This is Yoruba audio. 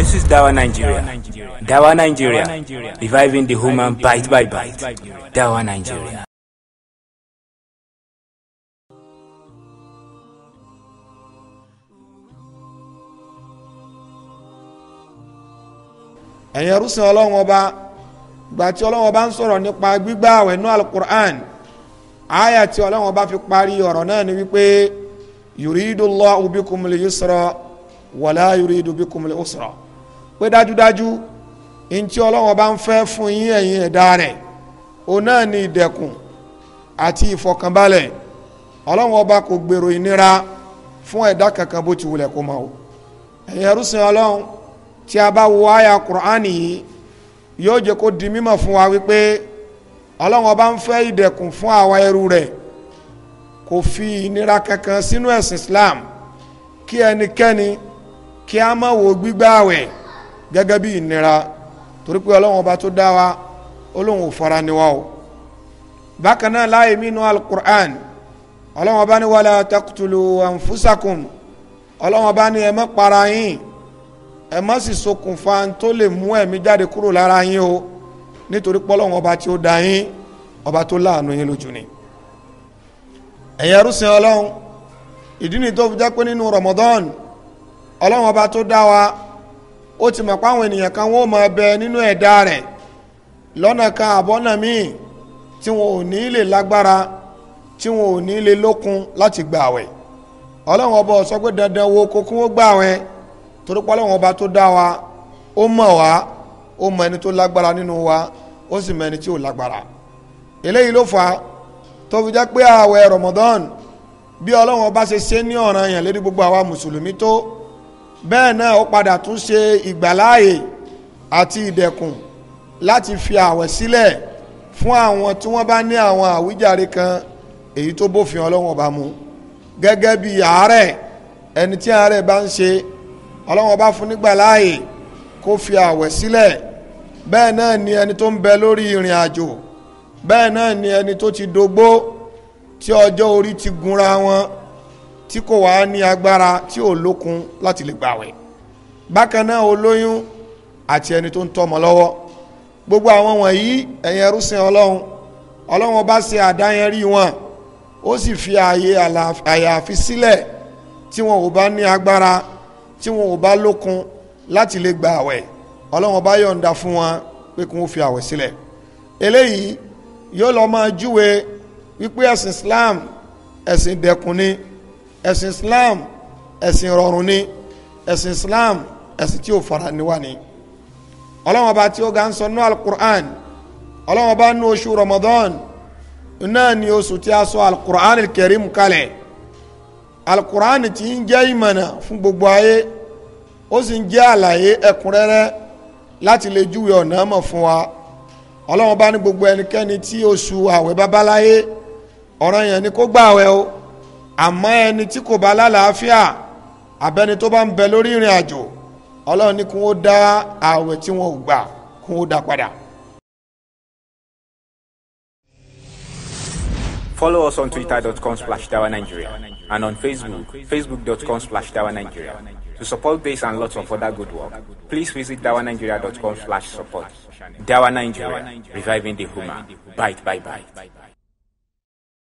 This is Dawa Nigeria. Dawa Nigeria. Reviving the human bite by bite. Dawa Nigeria. ẹ̀yin ẹrúsìn ọlọ́run ọba gbà tí ọlọ́run ọba ń sọ̀rọ̀ nípa gbígbà àwẹ̀ nú alukur'an àyà tí ọlọ́run ọba fi parí ọ̀rọ̀ náà ni wípé yuridullahu bikumul yusra wala yuridu bikumul usra. pé dájúdájú ntí ọlọ́wọ́n bá ń fẹ́ fún yín ẹ̀yin ẹ̀dá rẹ̀ òun náà ni ìdẹ̀kùn àti ìfọkànbalẹ̀ ọlọ́wọ́n ọba kò gbèrò ìnira fún ẹ̀dá kankan bó ti wulẹ̀ kó ma o ẹ̀yin ẹrúsìn ọlọ́run tí a bá wo àyà kùránì yìí yóò jẹ́ kó di mímọ̀ fún wa wípé ọlọ́wọ́n ọba ń fẹ́ ìdẹ̀kùn fún àwa ẹrú rẹ̀ kò fi ìnira kankan sínú ẹ̀sìn Islam kí ẹnikẹ́ni kí a má gẹ́gẹ́ bí ìnira torí pé ọlọ́run ọba tó dá wa ọlọ́run ò fara ni wa o bákan náà láàyè mínú alukur'an ọlọ́run ọba ní wàlá takutulu anfusakum ọlọ́run ọba ní ẹ má para yín ẹ má sì ṣokùnfà tó lè mú ẹ̀mí jáde kúrò lára yín o nítorí pé ọlọ́run ọba tí ó dá yín ọba tó láàánú yín lójú ni ẹ̀yẹ rúṣin ọlọ́run ìdí ni tó fi jẹ́ pé nínú Ramadan ọlọ́run ọba tó dá wa. ó ti mọ̀ páwọn ènìyàn kan wọ́n máa bẹ nínú ẹ̀dá rẹ̀ lọ́nà kan àbọ́nà míì tí wọn ò ní lè lágbára tí wọn ò ní lè lókun láti gbà wẹ̀ dandan wo kókó wọ́n gbà wẹ̀ torí pé ọlọ́run ọba tó dá wa ó mọ̀ wá ó mọ ẹni tó lágbára wa ó sì mọ ẹni tí ò lágbára eléyìí ló fà á tó fi jẹ́ pé bí ọlọ́run ọba ṣe bẹ́ẹ̀ náà ó padà tún ṣe ìgbàláàyè àti ìdẹ̀kùn láti fi àwẹ̀ sílẹ̀ fún àwọn tí wọ́n bá ní àwọn àwíjàre kan èyí tó bófin ọlọ́wọ́n bá mu gẹ́gẹ́ bí àárẹ̀ ẹni tí àárẹ̀ bá ń ṣe ọlọ́wọ́n bá fún nígbàláàyè kó fi àwẹ̀ sílẹ̀ bẹ́ẹ̀ náà ni ẹni tó ń bẹ lórí ìrìn àjò bẹ́ẹ̀ náà ni ẹni tó ti dógbó tí ọjọ́ orí ti gunra wọn tí kò wá ní agbára tí ò lókun láti lè gbàwẹ̀ bákan náà olóyún àti ẹni tó ń tọ́mọ lọ́wọ́ gbogbo àwọn wọ̀nyí ẹ̀yin ẹrúsìn ọlọ́run ọlọ́run bá ṣe àdáyẹrí wọn ó sì fi ààyè àyàfi sílẹ̀ tí wọn ò bá ní agbára tí wọn ò bá lókun láti lè gba ọlọ́run bá yọ̀ǹda fún wọn pé kí wọ́n fi àwẹ̀ sílẹ̀ eléyìí yóò lọ máa júwe wípé ẹ̀sìn Islam ẹ̀sìn dẹkùn ẹ̀sìn Islam ẹ̀sìn rọrùn ni ẹ̀sìn Islam ẹ̀sìn tí ò fara níwá ni ọlọ́wọ́n bá tí ó ga ń sọ nú alukur'an ọlọ́wọ́n bá nú oṣù Ramadan náà ni oṣù tí a sọ alukur'an kẹrim kalẹ̀ alukur'an tí ń jẹ́ ìmọ̀nà fún gbogbo ayé ó sì ń jẹ́ àlàyé ẹ̀kúnrẹ́rẹ́ láti lè júwe ọ̀nà mọ̀ fún wa ọlọ́wọ́n bá ní gbogbo ẹnikẹ́ni tí oṣù àwẹ̀ bá bá láyé ni kó gbààwẹ̀ o àmọ́ ẹni tí kò bá lálàáfíà abẹ́ni tó bá ń bẹ lórí ìrìn àjò ọlọ́run ní kí wọ́n dá ààwẹ̀ tí wọ́n ò gbà kí wọ́n dá padà. Follow us on twitter.com slash and on Facebook, facebook.com slash To support this and lots of other good work, please visit dawanigeria.com slash support. Dawa Nigeria, reviving the human. Bye, bye, bye.